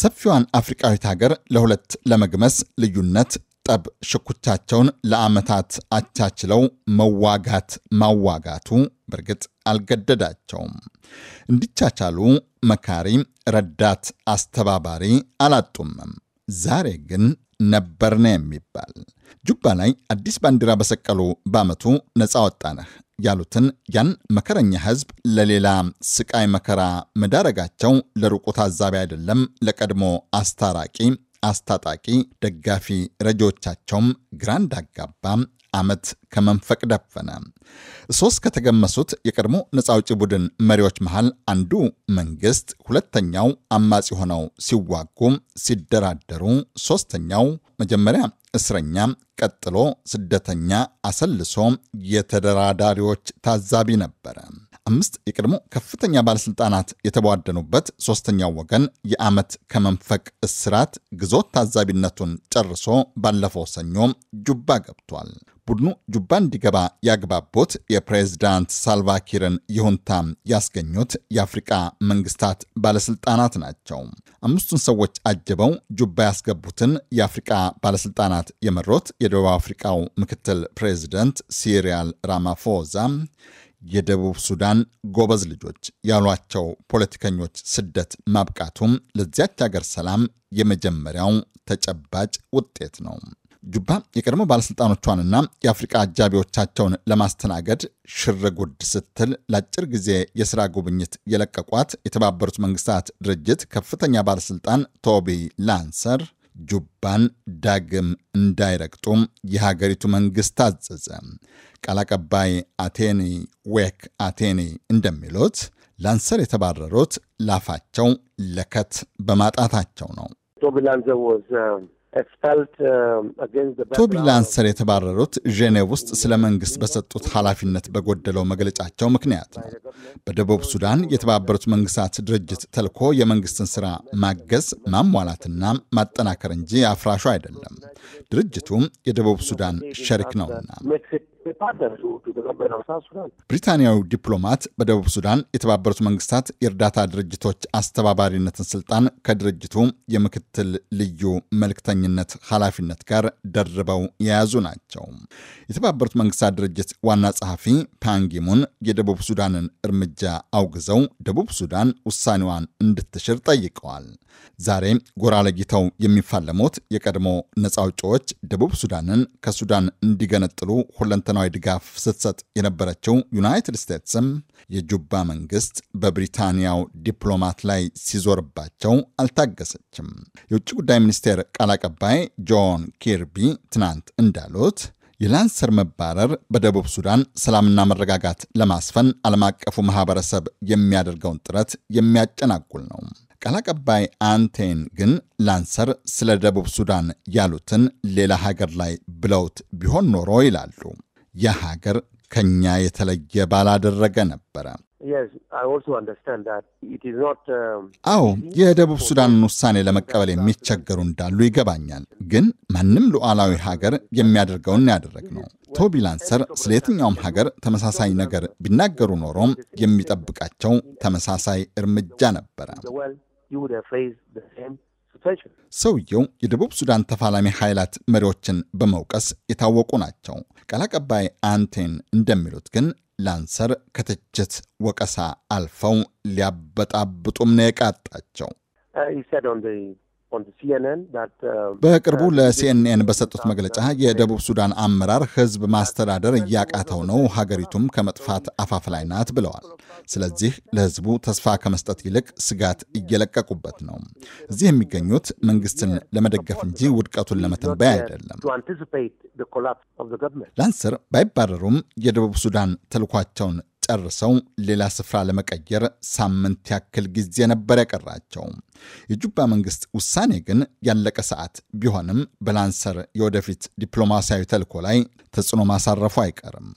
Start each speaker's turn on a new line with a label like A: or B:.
A: ሰፊዋን አፍሪቃዊት ሀገር ለሁለት ለመግመስ ልዩነት ጠብ ሽኩቻቸውን ለዓመታት አቻችለው መዋጋት ማዋጋቱ በእርግጥ አልገደዳቸውም። እንዲቻቻሉ መካሪ፣ ረዳት፣ አስተባባሪ አላጡምም። ዛሬ ግን ነበር የሚባል። ጁባ ላይ አዲስ ባንዲራ በሰቀሉ በዓመቱ ነፃ ወጣነህ ያሉትን ያን መከረኛ ህዝብ ለሌላ ስቃይ መከራ መዳረጋቸው ለሩቁ ታዛቢ አይደለም፣ ለቀድሞ አስታራቂ አስታጣቂ ደጋፊ ረጆቻቸውም ግራንድ አጋባም ዓመት ከመንፈቅ ደፈነ። ሶስት ከተገመሱት የቀድሞ ነፃ አውጪ ቡድን መሪዎች መሃል አንዱ መንግስት ሁለተኛው አማጺ ሆነው ሲዋጉ ሲደራደሩ፣ ሦስተኛው መጀመሪያ እስረኛ፣ ቀጥሎ ስደተኛ አሰልሶ የተደራዳሪዎች ታዛቢ ነበረ። አምስት የቀድሞ ከፍተኛ ባለሥልጣናት የተቧደኑበት ሦስተኛው ወገን የዓመት ከመንፈቅ እስራት ግዞት ታዛቢነቱን ጨርሶ ባለፈው ሰኞ ጁባ ገብቷል። ቡድኑ ጁባ እንዲገባ ያግባቦት የፕሬዝዳንት ሳልቫኪርን ይሁንታ ያስገኙት የአፍሪቃ መንግስታት ባለስልጣናት ናቸው። አምስቱን ሰዎች አጅበው ጁባ ያስገቡትን የአፍሪቃ ባለስልጣናት የመሩት የደቡብ አፍሪቃው ምክትል ፕሬዝደንት ሲሪያል ራማፎዛ የደቡብ ሱዳን ጎበዝ ልጆች ያሏቸው ፖለቲከኞች ስደት ማብቃቱም ለዚያች ሀገር ሰላም የመጀመሪያው ተጨባጭ ውጤት ነው። ጁባ የቀድሞ ባለሥልጣኖቿንና የአፍሪቃ አጃቢዎቻቸውን ለማስተናገድ ሽርጉድ ስትል ለአጭር ጊዜ የሥራ ጉብኝት የለቀቋት የተባበሩት መንግስታት ድርጅት ከፍተኛ ባለሥልጣን ቶቢ ላንሰር ጁባን ዳግም እንዳይረግጡም የሀገሪቱ መንግስት አዘዘ። ቃል አቀባይ አቴኒ ዌክ አቴኒ እንደሚሉት ላንሰር የተባረሩት ላፋቸው ለከት በማጣታቸው ነው። um, ቶቢ ላንሰር um, የተባረሩት ዤኔቭ ውስጥ ስለ መንግሥት በሰጡት ኃላፊነት በጎደለው መግለጫቸው ምክንያት ነው። በደቡብ ሱዳን የተባበሩት መንግሥታት ድርጅት ተልኮ የመንግሥትን ሥራ ማገዝ ማሟላትና ማጠናከር እንጂ አፍራሹ አይደለም። ድርጅቱም የደቡብ ሱዳን ሸሪክ ነውና ብሪታንያዊ ዲፕሎማት በደቡብ ሱዳን የተባበሩት መንግስታት የእርዳታ ድርጅቶች አስተባባሪነትን ስልጣን ከድርጅቱ የምክትል ልዩ መልክተኝነት ኃላፊነት ጋር ደርበው የያዙ ናቸው። የተባበሩት መንግስታት ድርጅት ዋና ጸሐፊ ፓንጊሙን የደቡብ ሱዳንን እርምጃ አውግዘው ደቡብ ሱዳን ውሳኔዋን እንድትሽር ጠይቀዋል። ዛሬ ጎራ ለይተው የሚፋለሙት የቀድሞ ነፃ አውጪዎች ደቡብ ሱዳንን ከሱዳን እንዲገነጥሉ ሁለንተ ሁለንተናዊ ድጋፍ ስትሰጥ የነበረችው ዩናይትድ ስቴትስም የጁባ መንግስት በብሪታንያው ዲፕሎማት ላይ ሲዞርባቸው አልታገሰችም። የውጭ ጉዳይ ሚኒስቴር ቃል አቀባይ ጆን ኪርቢ ትናንት እንዳሉት የላንሰር መባረር በደቡብ ሱዳን ሰላምና መረጋጋት ለማስፈን ዓለም አቀፉ ማህበረሰብ የሚያደርገውን ጥረት የሚያጨናጉል ነው። ቃል አቀባይ አንቴን ግን ላንሰር ስለ ደቡብ ሱዳን ያሉትን ሌላ ሀገር ላይ ብለውት ቢሆን ኖሮ ይላሉ ያ ሀገር ከኛ የተለየ ባላደረገ ነበረ። um, አዎ የደቡብ ሱዳንን ውሳኔ ለመቀበል የሚቸገሩ እንዳሉ ይገባኛል። ግን ማንም ሉዓላዊ ሀገር የሚያደርገውን ያደረግ ነው። ቶቢ ላንሰር ስለ የትኛውም ሀገር ተመሳሳይ ነገር ቢናገሩ ኖሮም የሚጠብቃቸው ተመሳሳይ እርምጃ ነበረ። ሰውየው የደቡብ ሱዳን ተፋላሚ ኃይላት መሪዎችን በመውቀስ የታወቁ ናቸው። ቃል አቀባይ አንቴን እንደሚሉት ግን ላንሰር ከትችት ወቀሳ አልፈው ሊያበጣብጡም ነው የቃጣቸው። uh, Uh, በቅርቡ uh, ለሲኤንኤን በሰጡት መግለጫ የደቡብ ሱዳን አመራር ህዝብ ማስተዳደር እያቃተው ነው፣ ሀገሪቱም ከመጥፋት አፋፍ ላይ ናት ብለዋል። ስለዚህ ለህዝቡ ተስፋ ከመስጠት ይልቅ ስጋት እየለቀቁበት ነው። እዚህ የሚገኙት መንግስትን ለመደገፍ እንጂ ውድቀቱን ለመተንበይ አይደለም። ላንስር ባይባረሩም የደቡብ ሱዳን ተልኳቸውን ጨርሰው ሌላ ስፍራ ለመቀየር ሳምንት ያክል ጊዜ ነበር ያቀራቸው። የጁባ መንግስት ውሳኔ ግን ያለቀ ሰዓት ቢሆንም በላንሰር የወደፊት ዲፕሎማሲያዊ ተልዕኮ ላይ ተጽዕኖ ማሳረፉ አይቀርም።